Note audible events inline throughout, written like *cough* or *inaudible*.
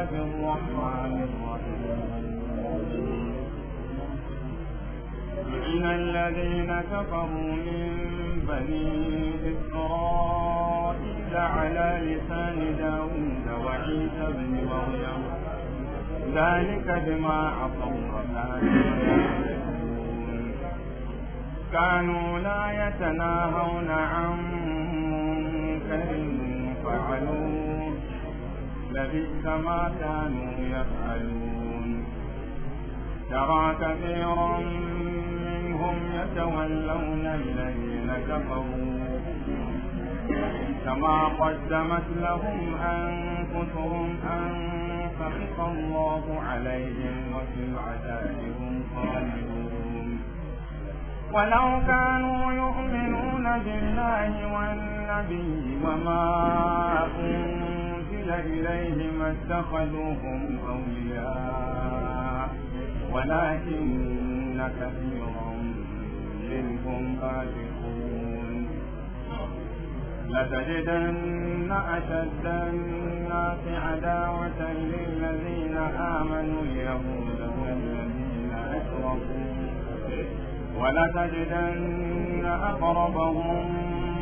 الله الرحمن الرحيم لعن الذين كفروا من بني إسرائيل على لسان داود وعيسى بن مريم ذلك بما عصوا وكانوا كانوا لا يتناهون عن منكر فعلوه لبئس ما كانوا يفعلون ترى كثيرا منهم يتولون الذين كفروا كما قدمت لهم أنفسهم أن سخط الله عليهم وفي العذاب هم خالدون ولو كانوا يؤمنون بالله والنبي وما أنزل إليه إليهم اتخذوهم أولياء ولكن كثيرا منهم فاسقون لتجدن أشد الناس عداوة للذين آمنوا اليهود والذين أشركوا ولتجدن أقربهم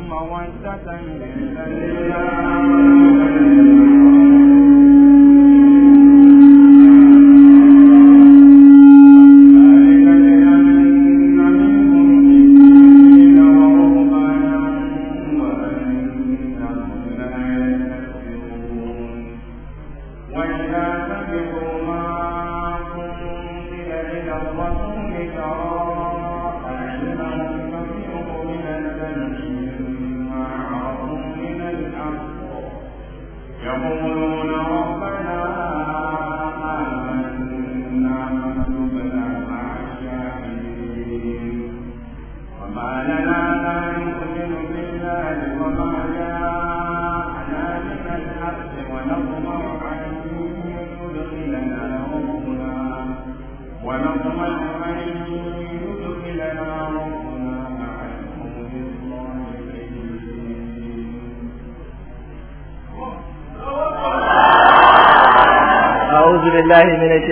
مودة للذين آمنوا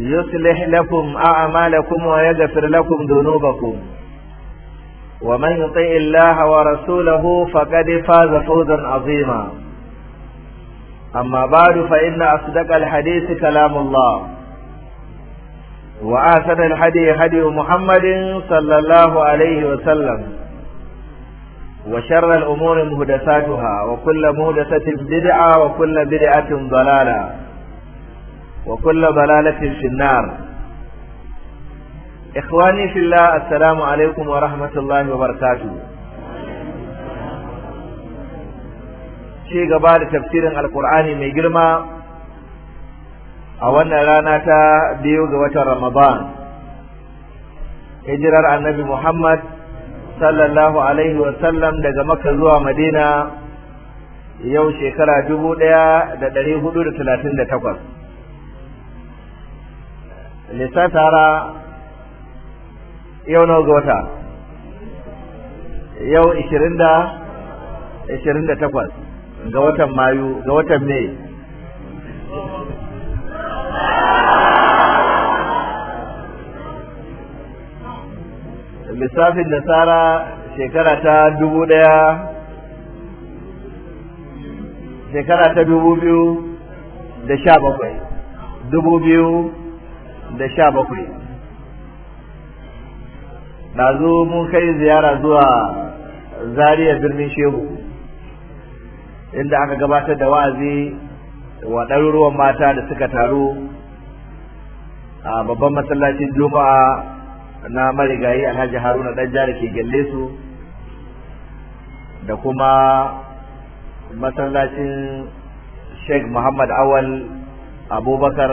يصلح لكم أعمالكم ويغفر لكم ذنوبكم ومن يطع الله ورسوله فقد فاز فوزا عظيما أما بعد فإن أصدق الحديث كلام الله وأحسن الحدي هدي محمد صلى الله عليه وسلم وشر الأمور مهدساتها وكل مهدسة بدعة وكل بدعة ضلالة Waƙulla bala lafin cinnawa. Ikhwani fila. As-salamu alaikum wa rahmatullahi wa lartatu. Shi gabadu tafsirin al mai girma. A wannan rana ta biyu ga watan Ramadan. Ijirar annabi Muhammad sallallahu alaihi wa sallam, daga maka zuwa madina yau shekara dubu ɗaya da ɗari huɗun da sittin da takwas. lissafi hara yau na ga wata yau ishirin da ishirin da takwas ga watan mayu ga watan mai lissafin tsara shekara ta dubu daya shekara ta dubu biyu da sha bakwai dubu biyu da sha bakwai ɗazu mun kai ziyara zuwa zariya birnin shehu inda aka gabatar da wa'azi wa ɗaruruwan mata da suka taru a babban masallacin juma'a na marigayi alhaji haruna ɗanja da ke gyalle su da kuma masallacin sheikh muhammad awal abubakar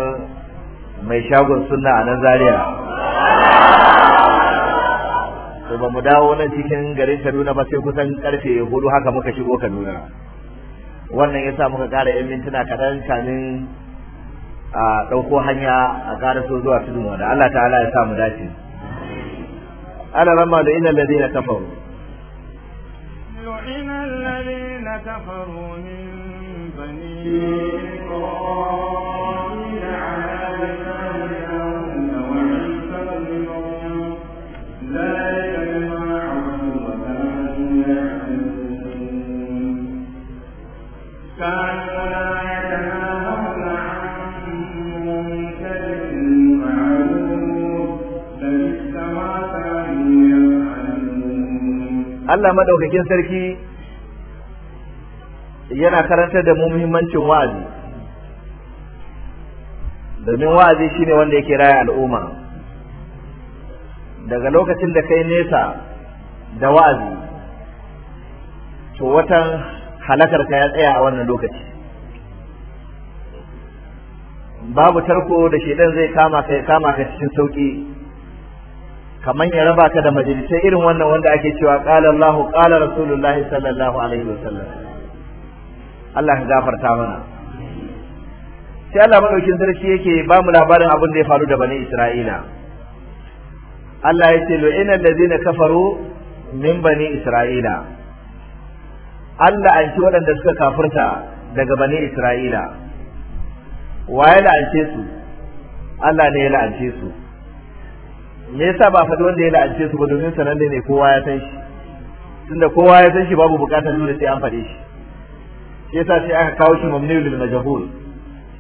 mai shagon suna a nan Zariya. to ba mu dawo nan cikin garin kaduna ba sai kusan karfe hudu haka muka shigo kaduna wannan ya sa muka ƙara yan mintuna kaɗan kamin a ɗauko hanya a ƙara so zuwa tudun wanda Allah ta'ala ya sa mu dace ana rama da ina alladhina kafaru yu'ina Allah madaukakin sarki yana karantar da mu muhimmancin wa'azi domin wa'azi shine wanda yake raya al'umma daga lokacin da kai nesa da wa'azi to watan halakar ka ya tsaya a wannan lokaci babu tarko da shedan zai kama ka kama ka cikin sauki kaman ya raba ka da majalisai irin wannan wanda ake cewa qala Allahu qala Rasulullahi sallallahu alaihi wasallam Allah ya gafarta mana sai Allah madaukin sarki yake ba mu labarin abin da ya faru da bani Isra'ila Allah ya ce lu'ina ladina kafaru min bani Isra'ila Allah an ci waɗanda suka kafirta daga bani Isra'ila waye la'ance su Allah ne ya la'ance su me yasa ba faɗi wanda ya la'ance su ba domin sananne ne kowa ya san shi tunda kowa ya san shi babu bukatar nuna sai an faɗe shi shi yasa sai aka kawo shi mamnu lil majhul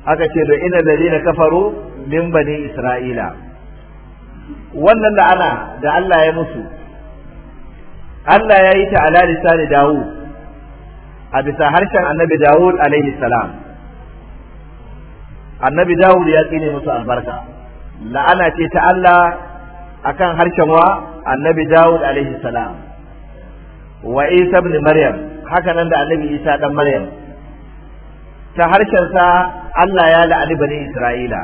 aka ce da ina ladina kafaru min bani isra'ila wannan la'ana da Allah ya musu Allah ya yi ta ala lisani Dawud a bisa harshen Annabi Dawud alaihi salam Annabi Dawud ya tsine musu albarka la'ana ce ta Allah akan harshen wa annabi Dawud alaihi salam wa Isa ibn Maryam haka nan da annabi Isa dan Maryam ta harshen sa Allah ya la'ani bani Isra'ila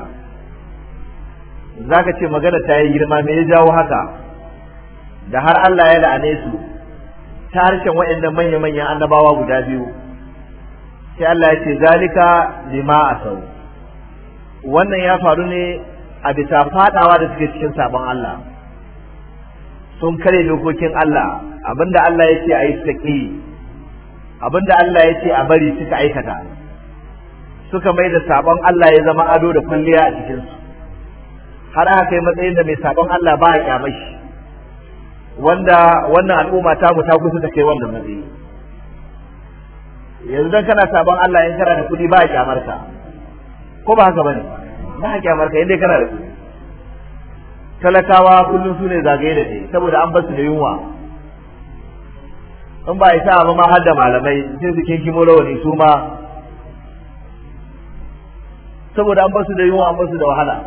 zaka ce magana ta yi girma me ya jawo haka da har Allah ya la'ane su ta harshen waɗanda manya-manyan annabawa guda biyu sai Allah ya ce zalika lima asau wannan ya faru ne a bisa fadawa da suke cikin sabon Allah sun kare dokokin Allah abinda Allah ya ce a yi suka ƙi abinda Allah ya ce a bari suka aikata suka mai da sabon Allah ya zama ado da kwalliya a cikinsu har aka kai matsayin da mai sabon Allah ba a kyamashi wanda wannan al'umma ta mu ta kusa ta kai wannan matsayi yanzu dan kana sabon Allah in kana da kuɗi ba a kyamarka ko ba haka bane ba a kyamarka inda kana da kudi talakawa kullum su ne zagaye da shi saboda an basu da yunwa in ba isa ba ma har da malamai sai su kinkimo rawani su ma saboda an basu da yunwa an basu da wahala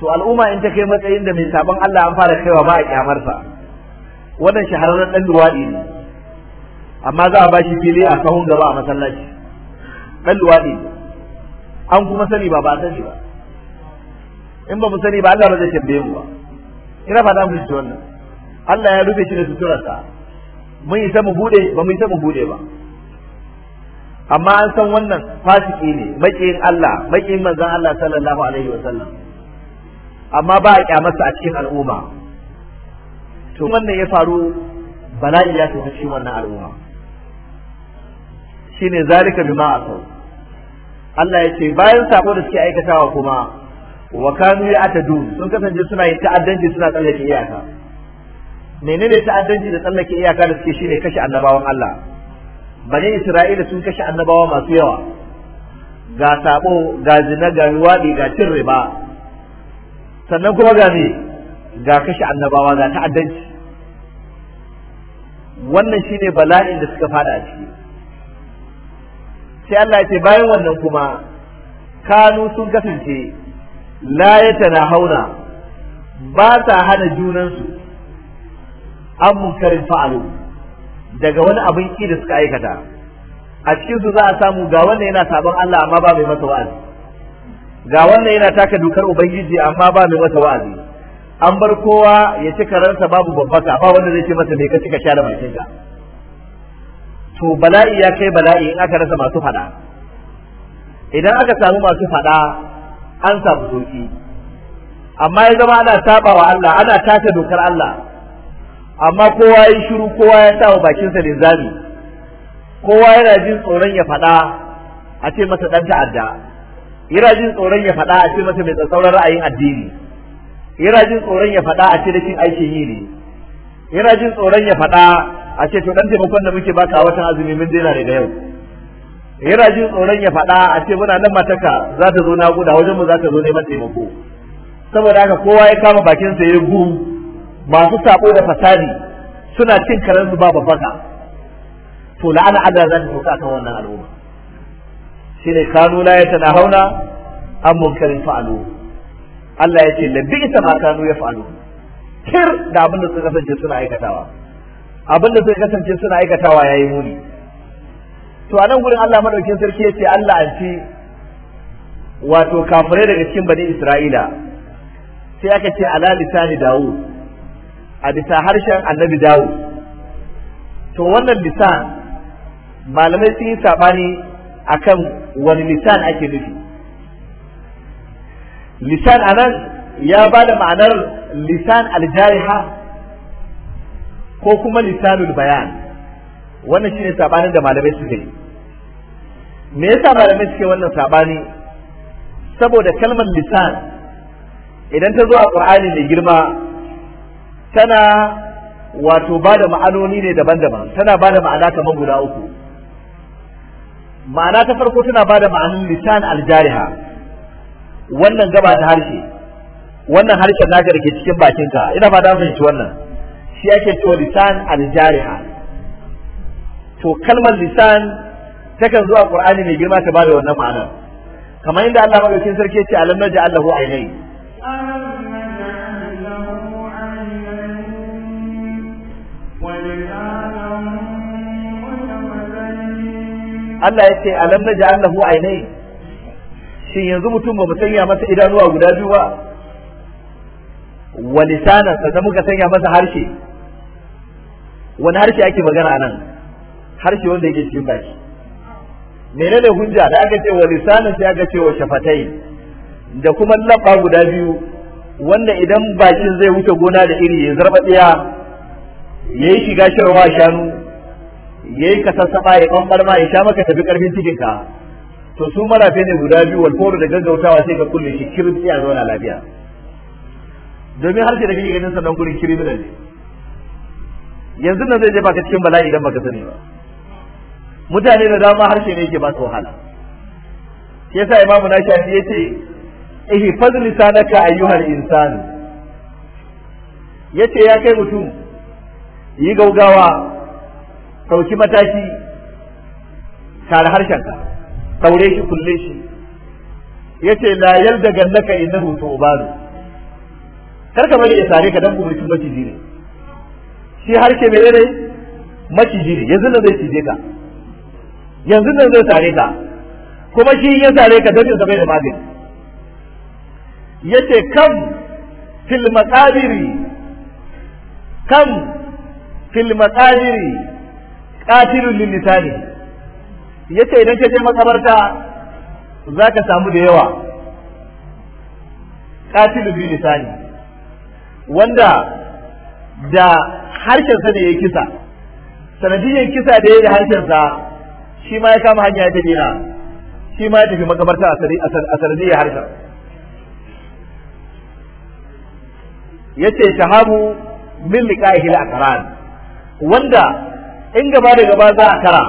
to al'umma in ta kai matsayin da mai sabon Allah an fara kaiwa ba a kyamarsa wannan shahararren dan luwadi ne amma za a ba shi fili a sahun gaba a masallaci dan luwadi an kuma sani ba ba sani ba in ba mu sani ba Allah ba zai tambaye mu ba ina fata mu ji wannan Allah ya rufe shi da suturarsa mun isa mu bude ba mun isa mu bude ba amma an san wannan fasiki ne makiyin Allah makiyin manzon Allah sallallahu alaihi wasallam amma ba a kyamarsa a cikin al'umma to wannan ya faru bala'i ya tafi cikin wannan al'umma shine zalika bima asau Allah ya ce bayan sako da suke aikatawa kuma wa kanu ya ya'tadun sun kasance suna yin ta'addanci suna tsallake iyaka menene ta'addanci da tsallake iyaka da suke shine kashe annabawan Allah bani Isra'ila sun kashe annabawa masu yawa ga sabo ga zina ga wadi ga cin riba sannan kuma ga me ga kashe annabawa ga ta'addanci wannan shine bala'in da suka fada a ciki sai Allah ya ce bayan wannan kuma kanu sun kasance la hauna ba sa hana junansu an munkarin fa'alu daga wani abin ki da suka aikata a cikin su za a samu ga wannan yana sabon Allah amma ba mai masa wa'azi ga wannan yana taka dokar ubangiji amma ba mai masa wa'azi an bar kowa ya ci karansa babu babbata ba wanda zai ce masa me ka cika sha da bakin ka to bala'i ya kai bala'i in aka rasa masu fada idan aka samu masu fada an samu sauki amma ya zama ana saba wa Allah ana tace dokar Allah amma kowa ya shiru kowa ya sa wa bakinsa linzami kowa yana jin tsoron ya faɗa a ce masa ɗan ta'adda yana jin tsoron ya faɗa a ce masa mai tsatsauran ra'ayin addini yana jin tsoron ya faɗa a ce da cin aikin yi ne yana jin tsoron ya faɗa a ce to dan taimakon da muke baka a watan azumi mun daina daga yau yana jin tsoron ya faɗa a ce muna nan mataka za ta zo naƙuda wajen mu za ta zo neman taimako saboda haka kowa ya kama bakin sa ya gu masu sabo da fasadi suna cin karen su ba babbaka to la'ana Allah za ta sauka kan wannan al'umma shine kanu la hauna? an munkarin fa'alu Allah ya ce la bi'sa ma kanu fa'alu kir da abin da suka kasance suna aikatawa abin da suka kasance suna aikatawa yayi muni to a nan gurin Allah madaukin sarki ya ce Allah an ci wato kafirai daga cikin bani Isra'ila sai aka ce ala lisani Dawud a bisa harshen annabi Dawud to wannan lisan malamai sun yi sabani akan wani lisan ake nufi lisan anan ya ba da ma'anar lisan aljariha ko kuma lisanul bayan wannan shine sabanin da malamai suka yi me yasa malamai suke wannan sabani saboda kalmar lisan idan ta zo a qur'ani da girma tana wato ba da ma'anoni ne daban-daban tana ba da ma'ana kamar guda uku ma'ana ta farko tana ba da ma'anin lisan aljariha wannan gaba ta harshe wannan harshen naka da ke cikin bakinka ina ba da fahimci wannan shi ake cewa lisan aljariha to kalmar lisan takan zuwa qur'ani mai girma ta bada wannan ma'ana kamar inda Allah madaukakin sarki ya ce alam naj'al Allahu aynay Allah ya ce alam naj'al Allahu aynay shin yanzu mutum ba mu sanya masa idanuwa guda biyu ba wa lisanan sannan muka sanya masa harshe wani harshe ake magana nan harshe wanda yake cikin baki menene hujja da aka ce wa lisanin sai aka ce wa shafatai da kuma laba guda biyu wanda idan bakin zai wuce gona da iri ya zarba tsaya yi shiga shirwa shanu yi ka sassaba ya ɓanɓar ma ya sha maka tafi ƙarfin cikinka to su marafe ne guda biyu walfowar da gaggautawa sai ka kulle shi kirbi ya zauna lafiya domin harshe da kake ganin sannan gurin kirbi ne yanzu nan zai je baka cikin bala'i idan baka sani ba mutane da dama harshe ne yake ba su wahala shi yasa imamu na shafi yace ihfaz lisanaka ayyuhal insan yace ya kai mutum yi gaugawa sauki mataki tare harshenka saure shi kulle shi yace la yalda gannaka innahu tu'balu karka bari ya sare ka dan gumurcin maciji ne shi harshe mai ne maciji ne yanzu da zai cije ka yanzu nan zai sare ka kuma shi ya sare ka don sa bai da magani yace kam fil maqabiri kam fil maqabiri qatilun lil lisani yace idan ka je makabarta zaka samu da yawa qatilun lil lisani wanda da harshen sa ne ya kisa sanadiyyar kisa da ya da harshen sa shi ma ya kama hanya ya tafi na shi ma ya tafi makamarta a sanadiyar harshen ya ce shahabu min liqa'ihi al-aqran wanda in gaba da gaba za a kara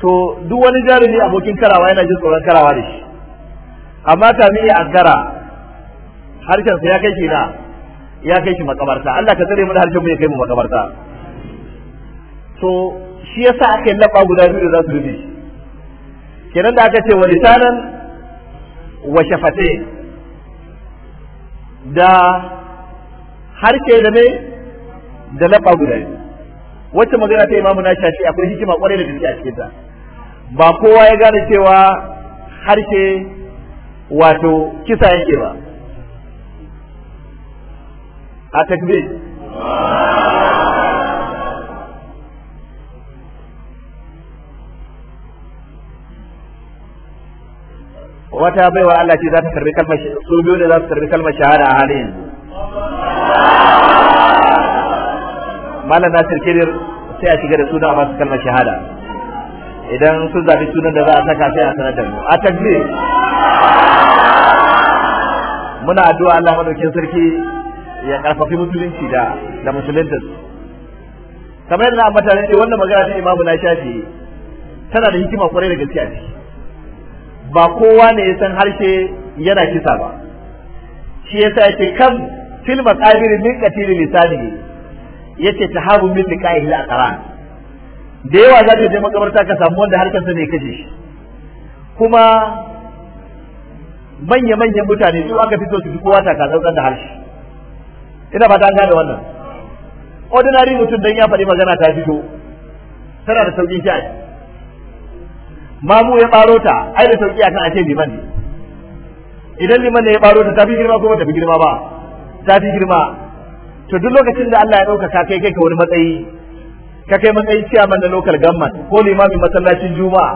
to duk wani jarumi abokin karawa yana jin tsoron karawa da shi amma kamin ya ankara harshen sa ya kai shi na ya kai shi makabarta Allah ka tsare mu da harshen mu ya kai mu makabarta to shi yasa aka yi laba guda biyu da za su rufe shi kenan da aka ce wa lisanan wa shafate da harshe da me da laɓa guda biyu wacce magana ta imamu na shafi akwai hikima kwarai da gaske a cikin ta ba kowa ya gane cewa harshe wato kisa yake ba a takbir wata baiwa Allah ce za ta karbi kalmar su biyu ne za su karbi kalmar shahada a halin yanzu malam nasir kirir sai a shiga da suna a masu kalmar shahada idan sun zaɓi sunan da za a saka sai a sanar da mu a takbir muna addu'a Allah madaukin sarki ya karfafi musulunci da da musulunta kamar yadda na ambata ne wannan magana ta imamu na shafi tana da hikima kwarai da gaskiya ba kowa ne ya san harshe yana kisa ba shi yasa yake kan filma masabir min qatil lisani ta tahabu min liqa'ihi al-aqran da yawa za ka je makabarta ka samu wanda harkar sa ne kashe shi kuma manya manyan mutane su aka fito su kowa ta ka tsantsan da harshe ina ba ta gane wannan ordinary mutum dan ya faɗi magana ta fito tana da saukin shi mamu ya baro ta ai da sauki akan ace liman ne idan liman ne ya baro ta tafi girma ko ba tafi girma ba tafi girma to duk lokacin da Allah ya dauka ka kai kai ka wani matsayi ka kai matsayi man na local government ko limamin masallacin juma'a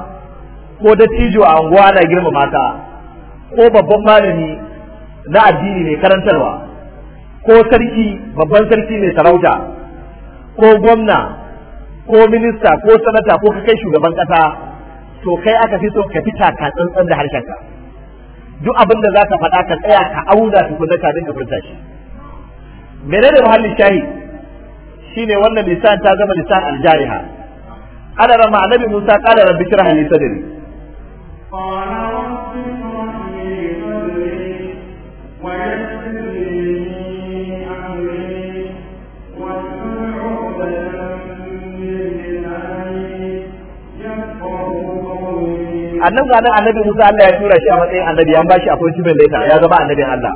ko dattijo a unguwa na girma mata ko babban malami na addini mai karantarwa ko sarki babban sarki mai sarauta ko gwamna ko minista ko sanata ko kai shugaban kasa to kai aka fi so ka fita ka tsantsan da harshenka duk abin da za ka faɗa ka tsaya ka auna tukunna ka dinga furta shi menene muhallin shahi shine wannan lisan ta zama lisan aljariha ana rama annabi Musa qala rabbi shrah li sadri qala annabi nan annabi Musa Allah ya tura shi a matsayin annabi an bashi appointment Laita ya zama annabin Allah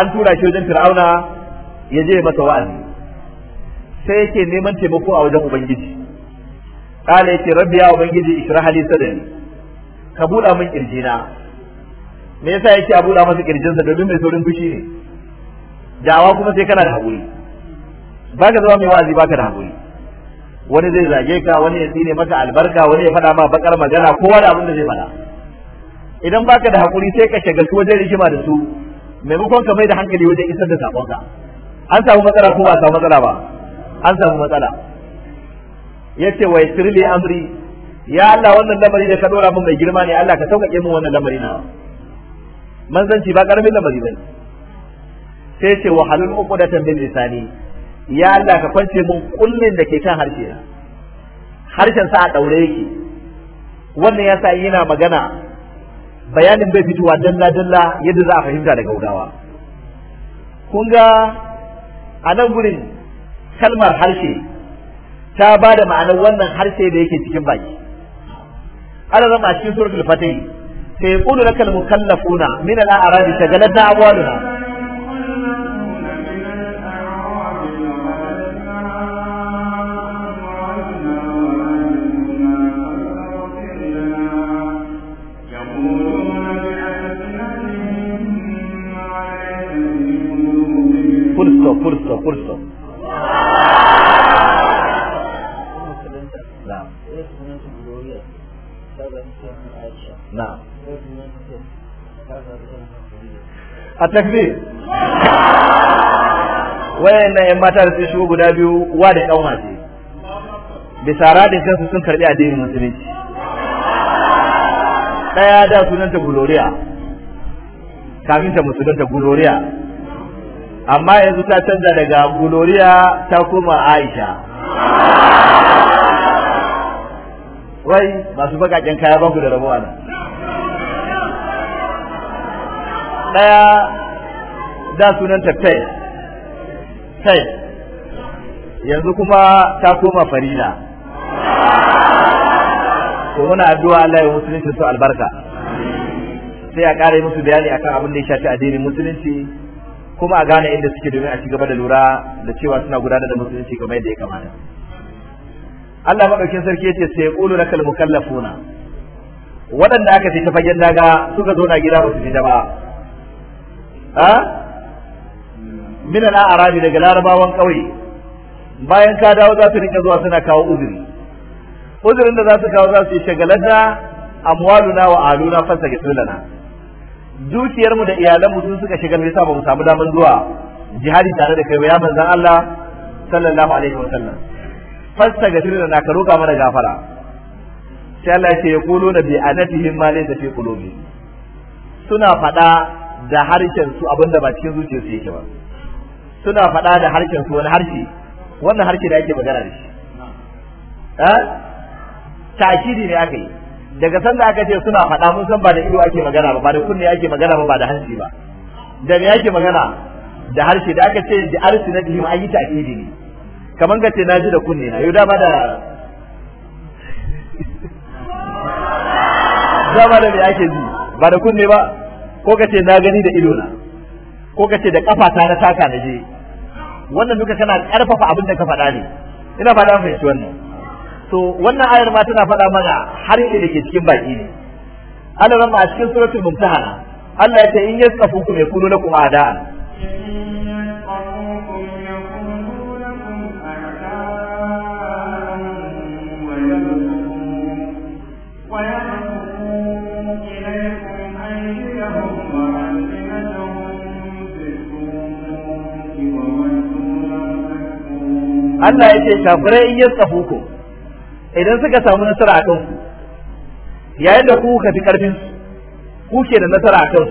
an tura shi wajen Fir'auna ya je masa wa'azi sai yake neman taimako a wajen ubangiji kala yake rabbi ya ubangiji israh li sadri ka buɗa min kirjina me yasa yake a buɗa masa kirjinsa domin mai saurin fushi ne dawa kuma sai kana da haƙuri ba ka zama mai wa'azi ba ka da haƙuri wani zai zage ka wani ya tsine maka albarka wani ya faɗa ma bakar magana kowa da abin da zai faɗa idan baka da hakuri sai ka shagaltu wajen rigima da su maimakon ka mai da hankali wajen isar da sakonka an samu matsala ko ba samu matsala ba an samu matsala yace wa yasirli amri ya Allah wannan lamari da ka dora min mai girma ne Allah ka sauƙaƙe min wannan lamari na manzanci ba ƙaramin lamari bane sai ce wa halul uqdatan bil lisani ya Allah ka kwance mun kullin da ke kan harshe harshen sa a daure yake wannan yasa yana magana bayanin bai fitowa dalla dalla yadda za a fahimta daga gaugawa kun ga a nan gurin kalmar harshe ta ba da ma'anar wannan harshe da yake cikin baki ana zama a cikin suratul fatih sai yaqulu lakal mukallafuna min al-a'rab shagalatna amwaluna a takbir wayannan yan mata da sun shigo guda biyu wa da ɗan wace da radin kansu sun karɓi addinin musulunci ɗaya da sunanta gloria kafin ta musulunta gloria amma yanzu ta canza daga gloria ta koma aisha wai masu bakaƙen kaya ba ku da rabuwa nan ɗaya da sunanta tai tai yanzu kuma ta koma farila ko muna addu'a Allah ya musulunci su albarka sai a ƙara musu bayani akan abin da ya shafi addinin musulunci kuma a gane inda suke domin a ci gaba da lura da cewa suna gudanar da musulunci kamar yadda ya kamata Allah madaukin sarki yace sai qulu lakal mukallafuna waɗanda aka fita fagen daga suka zo na gida ba su ba ha min al-arabi daga larabawan kauye bayan ka dawo za su rika zuwa suna kawo uzuri uzurin da za su kawo za su yi shagalata amwaluna wa aluna fasa ga tulana dukiyarmu da iyalanmu sun suka shiga ne ba mu samu damar zuwa jihadi tare da kai ba ya manzan Allah sallallahu alaihi wa sallam fasta ga tulana ka roka mana gafara sai Allah ya ce yaquluna bi anatihim ma laysa fi qulubi suna fada da harshen su abinda ba cikin zuciyar su yake ba suna faɗa da harshen su wani harshe wannan harshe da ake magana da shi eh takidi ne aka yi daga da aka ce suna faɗa mun san ba da ido ake magana ba ba da kunne ake magana ba ba da hanci ba da me ake magana da harshe da aka ce da arsi na bihim an yi takidi ne kaman ga ce na ji da kunne na yau dama da *laughs* dama da me ake ji ba da kunne ba ko ka ce na gani da ido na ko ka ce da kafa ta na taka na je wannan duka kana karfafa abin da ka faɗa ne ina faɗa mai shi wannan to wannan ayar ma tana faɗa mana har ne da cikin baki ne Allah ramma a cikin suratul mumtahana Allah ya ce in yasafukum yakunu lakum a'da'an Allah ya ce kafirai in yaskafu ku idan suka samu nasara a kansu yayin da ku ka fi karfin ku ke da nasara a kansu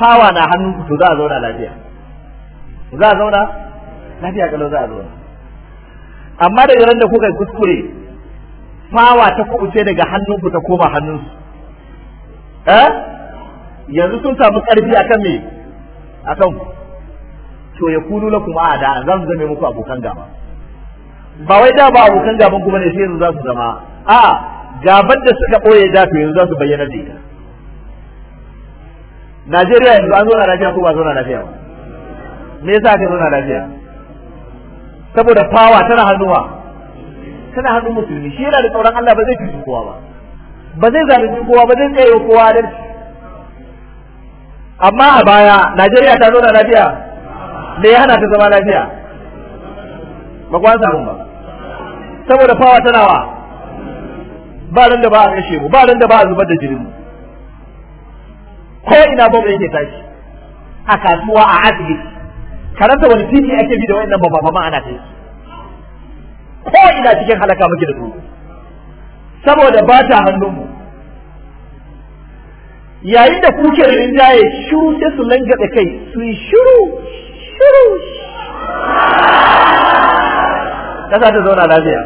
fawa na hannun ku to za a zauna lafiya za a zauna lafiya kalau za a zauna amma da yaran da kuka kuskure fawa ta kuce daga hannun ku ta koma hannun su eh yanzu sun samu karfi akan me akan ku to ya kunu lakum a'da zan zame muku abokan gaba ba wai da ba abokan gaban kuma ne sai yanzu za su zama a gaban da suka boye da to yanzu za su bayyana da ita Najeriya yanzu an zauna lafiya ko ba zauna lafiya ba me yasa aka zauna lafiya saboda fawa tana hannuwa tana hannun musulmi shi yana da tsoron Allah ba zai cuci kowa ba ba zai zalunci kowa ba zai tsaye kowa adalci amma a baya Najeriya ta zauna lafiya me ya hana ta zama lafiya ba kwan samu ba saboda fawa tana wa ba nan da ba a kashe mu ba nan da ba a zubar da jirgin mu ko ina ba yake tashi a kasuwa a asibiti karanta wani titi ake bi da wannan ba ba ma ana kai ko ina cikin halaka muke da su saboda ba ta hannun mu yayin da kuke rinjaye shiru sai su langa da kai su yi shiru shiru kasa ta zauna lafiya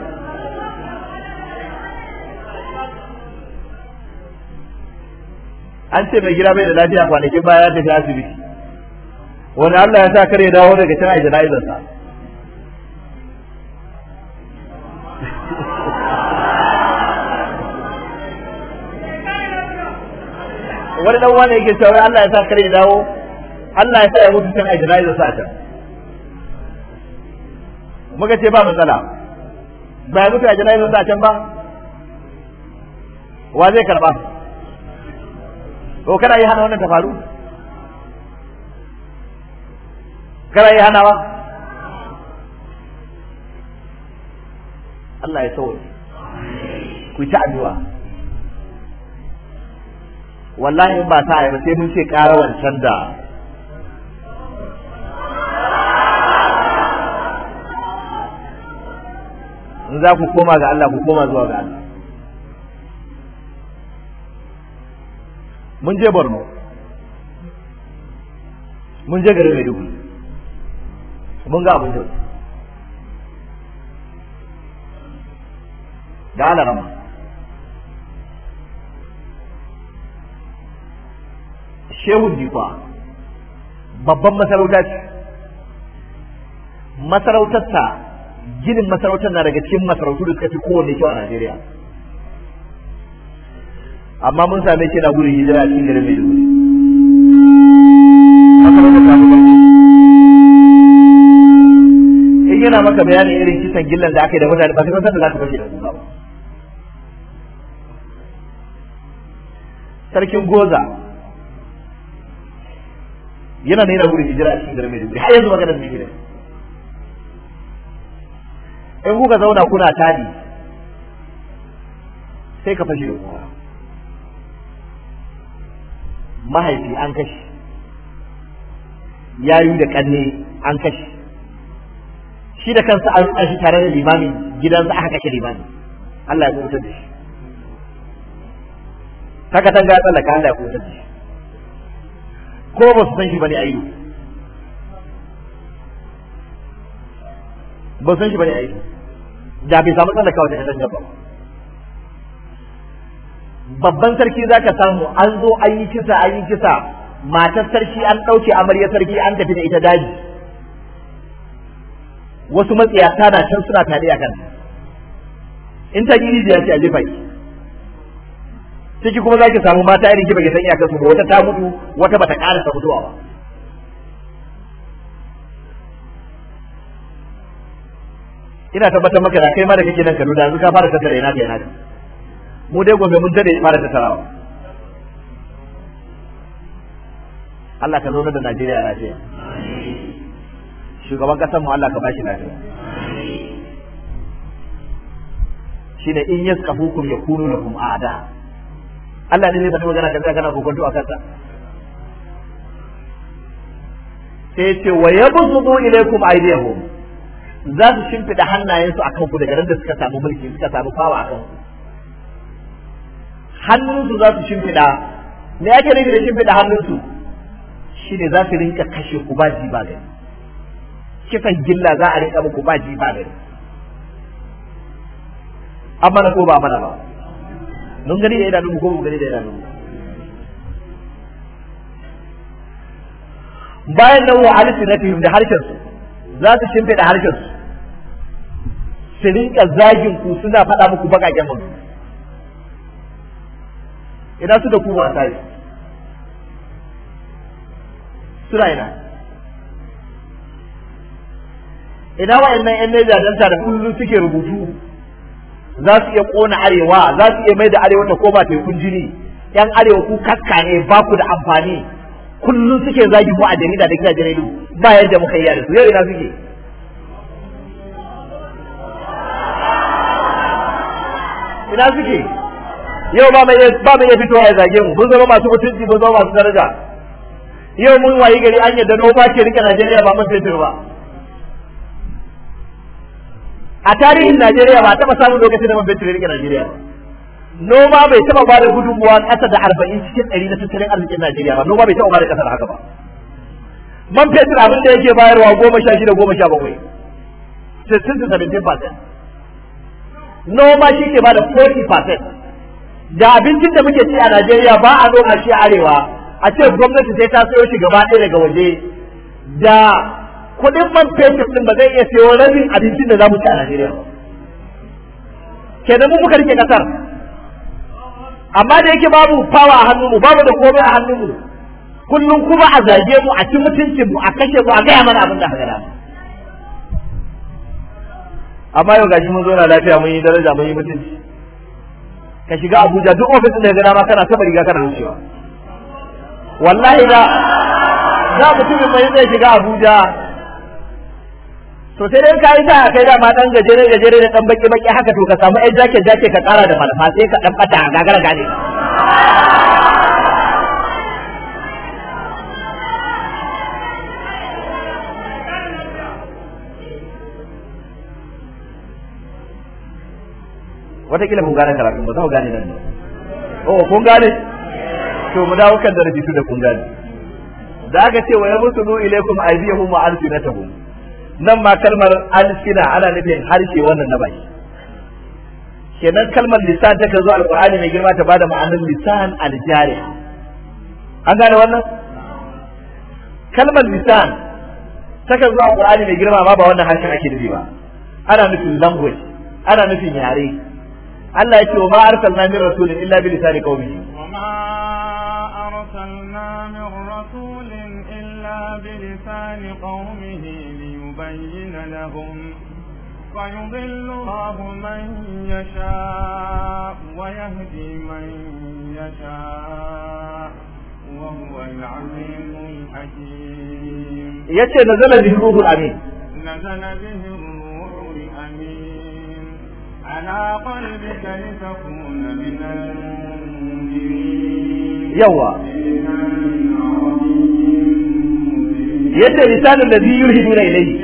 an ce mai gida bai da lafiya kwanakin baya ta shi asibiti wani Allah ya sa kare dawo daga can a jana'izarsa wani ɗan wani yake cewa Allah ya sa kare dawo Allah ya sa ya mutu can a jana'izar sa can muka ce ba matsala ba ya mutu a jana'izar sa can ba wa zai karba ko kana yi hana wannan ta faru kana yi hanawa Allah ya wani ku ta addu'a wallahi ba sa ba sai mun ce ƙara wancan da in za ku koma ga Allah ku koma zuwa ga Allah mun je Borno mun je mai Maiduguri mun ga abin da da alarama shehun difa babban masarauta ce masarautarsa ginin masarautar na daga cikin masarautu da suka fi kowane kyau a Najeriya amma mun same shi na gudun hijira a cikin garin Maiduguri masarautar ta in yana maka bayanin irin kisan gillan da aka yi da mutane ba ka san da za ka fashe da kuka ba sarkin goza yana nuna gudun hijira a cikin garin Maiduguri har yanzu maganar gidan. in kuka zauna kuna tadi sai ka fashe mahaifi an kashi yayu da kanne an kashi shi da kansa an kashi tare da limamin gidansa aka kashe limamin Allah ya kubutar da shi haka ta ya tsallaka Allah ya kubutar da shi ko ba su san shi bane ayi ba san shi bane ayi da bai samu tsallaka wata katanga ba babban sarki zaka samu an zo an yi kisa an yi kisa matar sarki an ɗauke amarya sarki an tafi da ita daji wasu matsiyata tana can suna tare a kan in ta gidi ya ce a jefa ciki kuma zaki samu mata irin kibage baki san ba wata ta mutu wata bata ƙara ta mutuwa ba ina tabbatar maka da kai ma da kake nan Kaduna yanzu ka fara tattara ina da ina mu dai gobe mun dade fara tattarawa Allah ka zauna da Najeriya lafiya shugaban kasar mu Allah ka bashi lafiya ne in kunu na kuma ada. Allah ne zai faɗi magana ka tsaya kana kokonto a kansa sai ce wa yabsutu ilaykum aydiyahum za su shimfiɗa hannayensu a kanku daga nan da suka samu mulki suka samu fawa a kanku hannunsu za su shimfiɗa me ake nufi da shimfiɗa hannunsu ne za su rinka kashe ku ba ji ba gani kisan gilla za a rinka muku ba ji ba gari. Amma na ko ba mana ba mun gani da idanunmu ko mun gani da idanunmu bayan nan wa alisinatihim da harshen su za su da harshen su su rinka zagin ku suna faɗa muku baƙaƙen mu idan su da ku ba tare ina waɗannan wa'annan yan Niger Delta da kullum suke rubutu za su iya ƙona arewa za su iya mai da arewa ta koma tekun jini yan arewa ku kakka ne ba ku da amfani kullum suke zagi ko a jarida da gidajen rediyo ba yadda muka yi da su yau ina suke ina suke yau ba mai ba mai fitowa ya zage mu mun zama masu mutunci mun zama masu daraja yau mun wayi gari an yadda ba ke rika Najeriya ba mun fetur ba a tarihin Najeriya ba a taɓa samun lokacin da mun fetur rika Najeriya ba noma bai taba ba da gudunmuwa ƙasa da arba'in cikin ɗari na tattalin arzikin Najeriya ba noma bai taba ba da ƙasar haka ba man fetur abin da yake bayarwa goma sha shida goma sha bakwai sittin da seventeen percent noma shi ke ba da forty percent da abincin da muke ci a Najeriya ba a noma shi arewa a ce gwamnati sai ta sayo shi gaba ɗaya daga waje da kuɗin man fetur ɗin ba zai iya sayo rabin abincin da za mu ci a Najeriya ba kenan mu muka rike ƙasar amma da yake babu fawa a hannunmu babu da komai a hannunmu kullum kuma a zage mu a ci mutuncin mu a kashe mu a gaya mana abin da aka amma yau gashi mun zo na lafiya mun yi daraja mun yi mutunci ka shiga Abuja duk ofis da gana ma kana saba riga kana rushewa wallahi da za mutumin mai zai shiga Abuja to sai dai kai ta kai da ma dan gajere gajere da dan baki baki haka to ka samu ai jake jake ka kara da malfa sai ka dan bata gagara gane kila kun gane karatu ba za ku gane nan ne oh kun gane to mu dawo kan da rajitu da kun gane da aka ce wa yabsunu ilaykum aydiyahum wa alsinatahum nan ma kalmar alsina ana nufin harshe wannan na baki kenan kalmar lisan ta zo alqur'ani mai girma ta bada ma'anar lisan aljari an gane wannan kalmar lisan ta zo alqur'ani mai girma ma ba wannan harshen ake nufi ba ana nufin language ana nufin yare Allah ya ce wa ma arsalna min rasulin illa bi lisani qaumihi wa ma arsalna min rasulin illa bi lisani qaumihi ليبين لهم ويضل الله من يشاء ويهدي من يشاء وهو العليم الحكيم يتي نزل به الروح الأمين نزل به الروح الأمين على قلبك لتكون من المنذرين يوا yadda lisanul ladhi yulhiduna ilayhi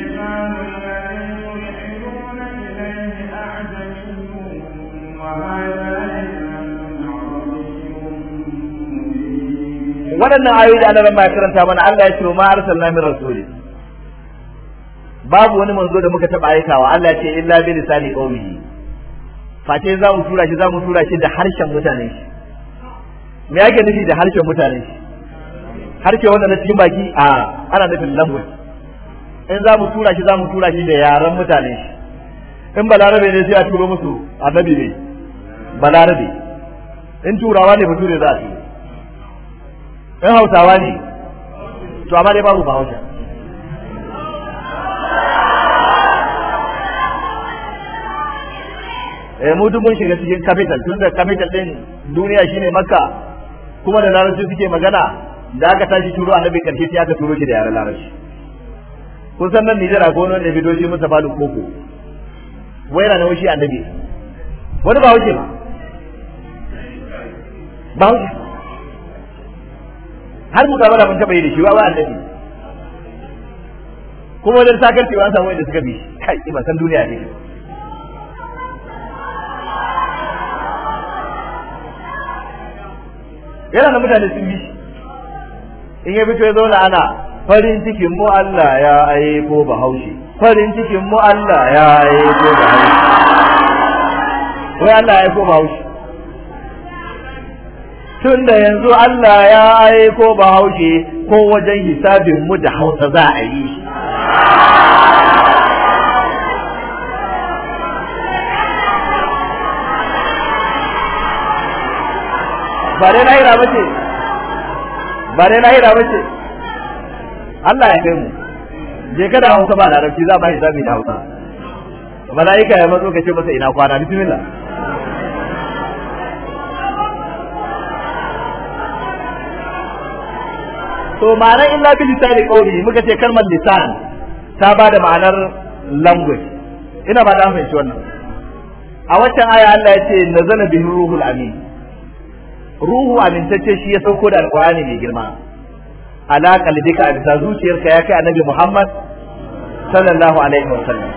waɗannan ayoyi da annabi ma karanta mana Allah ya ce ma arsalna min rasuli babu wani manzo da muka taɓa aikawa Allah ya ce illa bi lisani qaumihi face za mu tura shi za mu tura shi da harshen mutanen shi me yake nufi da harshen mutanen shi Har ke wanda na cikin baki a ana nufin lambun. in za mu tura shi za mu tura shi da yaren mutane in balarabe ne sai a turo musu annabi ne balarabe in turawa ne bature za a turo in hausawa ne to amma dai babu bahaushe eh mu duk mun shiga cikin capital da capital din duniya shine makka kuma da larabci suke magana da aka tashi turo annabi karshe sai aka turo shi da yaran larabci kun san nan Nijar akwai ne bido shi Mustafa Falu Koko wai yana nan shi annabi wani ba wuce ba ba wuce har mu gaba mun taba yi da shi ba ba annabi kuma wajen sakar cewa an samu inda suka bi kai ba san duniya ne yana da mutane sun bi shi in ya fito ya zauna ana farin cikin mu Allah ya aiko bahaushe farin cikin mu Allah ya aiko bahaushe wai Allah ya aiko bahaushe tun da yanzu Allah ya aiko bahaushe ko wajen hisabin mu da hausa za a yi ba dai na yi mace. ba dai lahira ba ce Allah ya kai mu je kada hausa ba larabci za ba hisabi da hausa mala'ika ya matso ka ce masa ina kwana bismillah to ma'anar illa bi lisani qawli muka ce kalmar lisan ta ba da ma'anar language ina ba da fahimci wannan a waccan aya Allah ya ce nazala bihi ruhul amin ruhu amintacce shi ya sauko da Alƙur'ani mai girma ala qalbika a zuciyarka ya kai annabi Muhammad sallallahu alaihi wa sallam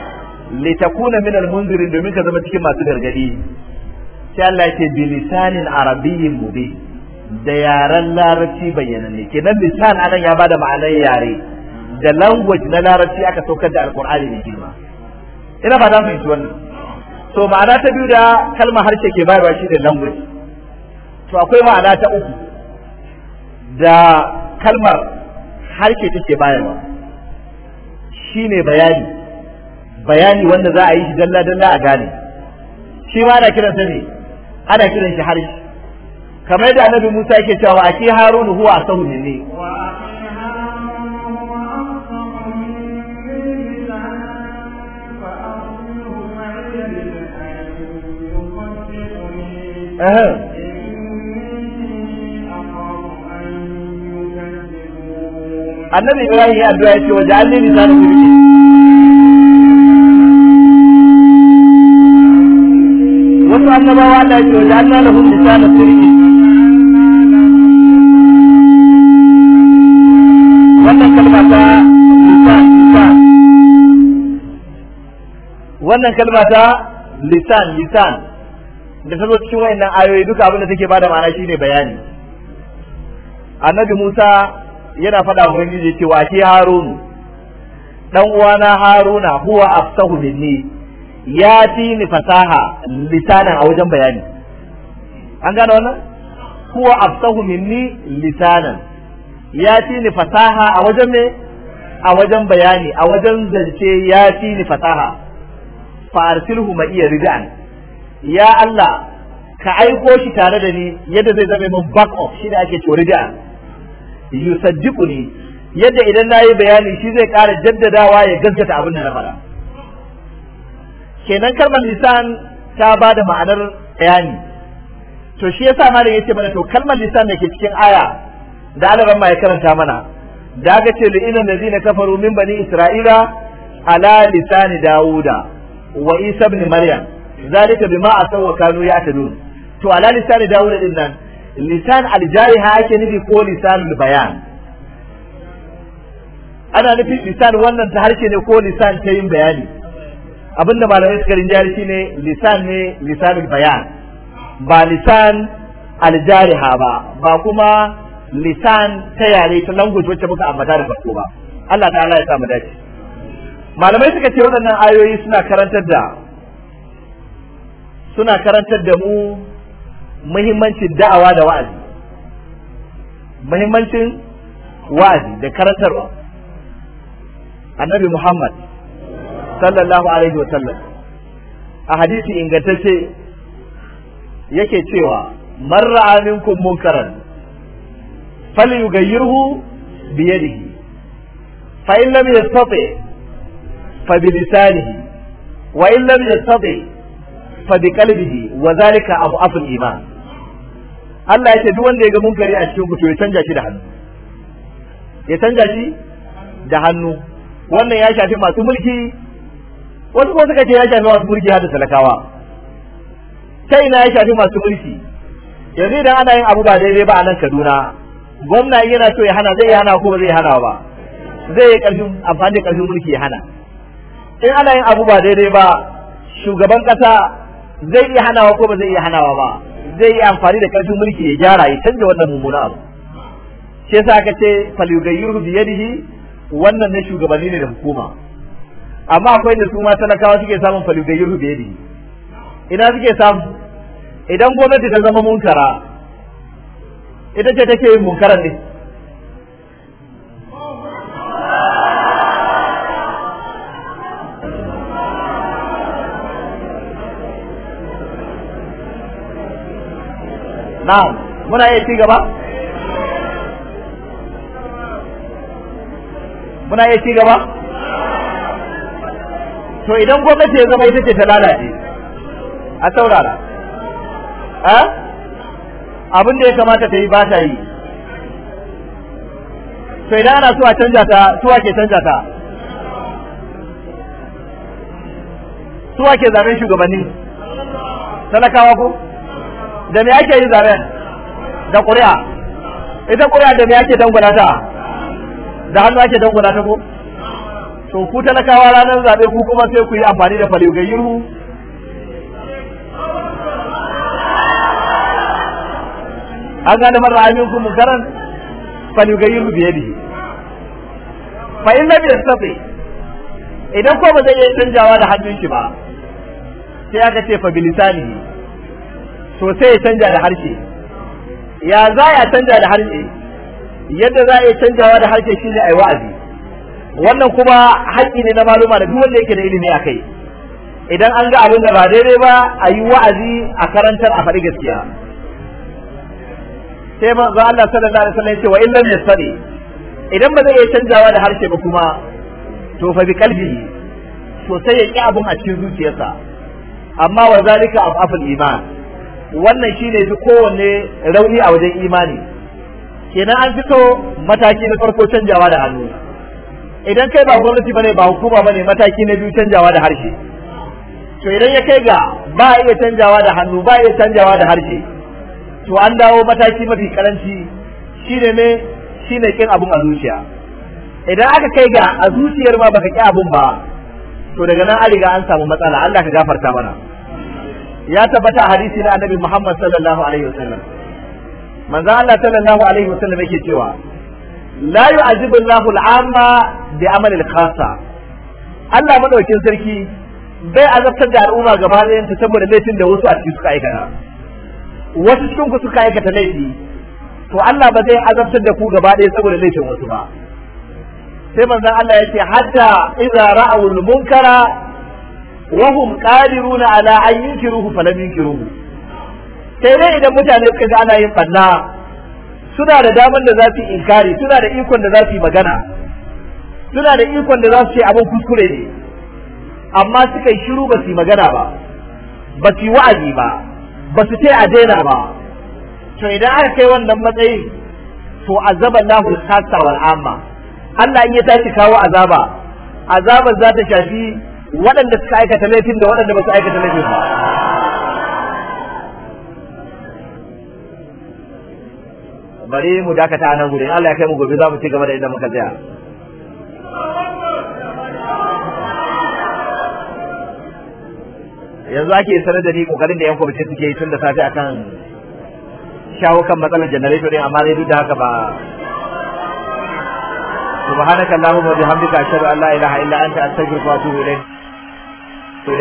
litakuna min almunzirin domin ka zama cikin masu gargadi sai Allah ya ce bilisanin arabiyyin mubin da yaren larabci bayyananne kenan lisan anan ya bada ma'anar yare da language na larabci aka saukar da alqur'ani mai girma ina ba za dan yi wannan so ma'ana ta biyu da kalmar harshe ke bayarwa shi da language to akwai ma'ana ta uku da kalmar harshe take bayarwa shine bayani bayani wanda za a yi shi dalla dalla a gane shi ma ana kiran sa ne ana kiran shi harshe kamar yadda annabi Musa yake cewa aki harunu huwa asahu minni Uh-huh. annabi ibrahim ya addu'a yace wa ja'alni lisanan sidqi wasu annabawa Allah ya ce wa ja'alna lahum lisanan sirri wannan kalma ta lisan lisan wannan kalma ta lisan lisan da sabo cikin wayannan ayoyi duka abin da take bada ma'ana shine bayani annabi Musa yana faɗa wa ubangiji cewa shi harunu dan uwana haruna huwa afsahu minni ya fi ni fasaha lisanan a wajen bayani an gane wannan huwa afsahu minni lisanan ya fi ni fasaha a wajen me a wajen bayani a wajen zance ya fi ni fasaha fa arsilhu ma iya rid'an ya Allah ka aiko shi tare da ni yadda zai zama mun back up shi da ake cewa rida'an yusaddiquni yadda idan nayi bayani shi zai ƙara jaddadawa ya gaskata abin da na faɗa kenan kalmar lisan ta ba da ma'anar bayani to shi yasa malam yace mana to kalmar lisan da ke cikin aya da alaran ma ya karanta mana da aka ce li'inal ladina kafaru min bani isra'ila ala lisani dauda wa isa ibn maryam zalika bima asaw wa kanu ya'tadun to ala lisani dauda din nan lisan aljariha ake nufi ko lisan bayan ana nufi lisan wannan ta harshe ne ko lisan ta yin bayani abinda malamai suka rinjari ne lisan ne lisan bayan ba lisan aljariha ba ba kuma lisan ta yare ta language wacce muka ambata da farko ba Allah ta'ala ya samu dace malamai suka ce waɗannan ayoyi suna karantar da suna karantar da mu muhimmancin da'awa da wa'azi muhimmancin wa'azi da karantarwa annabi Muhammad sallallahu alaihi wa sallam a hadisi ingantacce yake cewa marra ra'a minkum munkaran falyughayyirhu bi yadihi fa in lam yastati fa bi lisanihi wa in lam yastati fa bi qalbihi wa dhalika abu afal iman Allah yake duk wanda ya ga munkari a cikin ku to ya canja shi da hannu ya canja shi da hannu wannan ya shafi masu mulki wasu kuma suka ce ya shafi masu mulki har da talakawa kai na ya shafi masu mulki yanzu idan ana yin abu ba daidai ba a nan Kaduna gwamna yana so ya hana zai hana ko ba zai hana ba zai yi karfin amfani da karfin mulki ya hana in ana yin abu ba daidai ba shugaban kasa zai iya hanawa ko ba zai iya hanawa ba zai yi amfani da karfin mulki ya gyara ya canja wannan mummuna abu shi yasa aka ce falyughayyirhu bi yadihi wannan na shugabanni ne da hukuma amma akwai da su ma talakawa suke samun falyughayyirhu bi yadihi ina suke samu idan gwamnati ta zama munkara ita ce take yin munkaran ne na'am muna iya ci gaba muna iya ci gaba to idan gwamnati ya zama ita ce ta lalace a saurara abin da ya kamata ta yi ba ta yi to idan ana so a canja ta suwa ke canja ta suwa ke zaben shugabanni talakawa ko da me ake yi zaren da ƙuri'a ita ƙuri'a da me ake dangula ta da hannu ake dangula ta ko to ku talakawa ranar zaɓe ku kuma sai ku yi amfani da faligayyirhu an gane mara amin ku munkaran faligayyirhu biye ne fa in lam yastati idan ko ba zai iya canjawa da hannun shi ba sai aka ce fa bilisanihi to sai ya canja da harshe ya za ya canja da harshe yadda za a iya canjawa da harshe shine yi wa'azi wannan kuma haƙƙi ne na maluma da duk wanda yake da ilimi a kai. idan an ga abin da ba daidai ba a yi wa'azi a karantar a faɗi gaskiya sai za Allah sallallahu alaihi wasallam ya ce wa illam yastadi idan ba zai iya canjawa da harshe ba kuma to fa bi kalbihi to ya ƙi abun a cikin zuciyarsa amma wa zalika afaful iman wannan ne fi kowanne rauni a wajen imani kenan an fito mataki na farko canjawa da hannu idan kai ba gwamnati bane ba hukuma bane mataki na biyu canjawa da harshe to idan ya kai ga ba iya canjawa da hannu ba iya canjawa da harshe to an dawo mataki mafi karanci shine ne shine kin abun a zuciya idan aka kai ga a zuciyar ma baka ki abun ba to daga nan an riga an samu matsala Allah ka gafarta mana ya tabbata hadisi na annabi Muhammad sallallahu alaihi wasallam manzo Allah sallallahu alaihi wasallam yake cewa la yu'azibu Allahu al-amma bi amali al-khassa Allah madaukin sarki bai azabtar da al'umma gaba ɗayan ta saboda laifin da wasu a cikin suka aikata wasu cikin ku suka aikata laifi to Allah ba zai azabtar da ku gaba ɗaya saboda laifin wasu ba sai manzon Allah yake hatta idza ra'aw al-munkara wahum qadiruna ala an yunkiruhu falam yunkiruhu sai dai idan mutane suka ji ana yin banna suna da daman da za su inkari suna da ikon da za magana suna da ikon da za su ce abin kuskure ne amma suka yi shiru ba su yi magana ba ba su yi wa'azi ba ba su ce a daina ba to idan aka kai wannan matsayi to azaba lahu khassa wal amma Allah in ya tashi kawo azaba azabar za ta shafi waɗanda suka aikata laifin da waɗanda ba su aikata laifin ba bari mu dakata a nan gudun Allah ya kai mu gobe za mu ci gaba da inda muka tsaya yanzu ake sanar da ni ƙoƙarin da yan kwamitin suke yi tun da safe akan shawo kan matsalar janareto amma yadda duk da haka ba subhanakallahumma wa bihamdika ashhadu an la ilaha illa anta astaghfiruka wa atubu ilayk today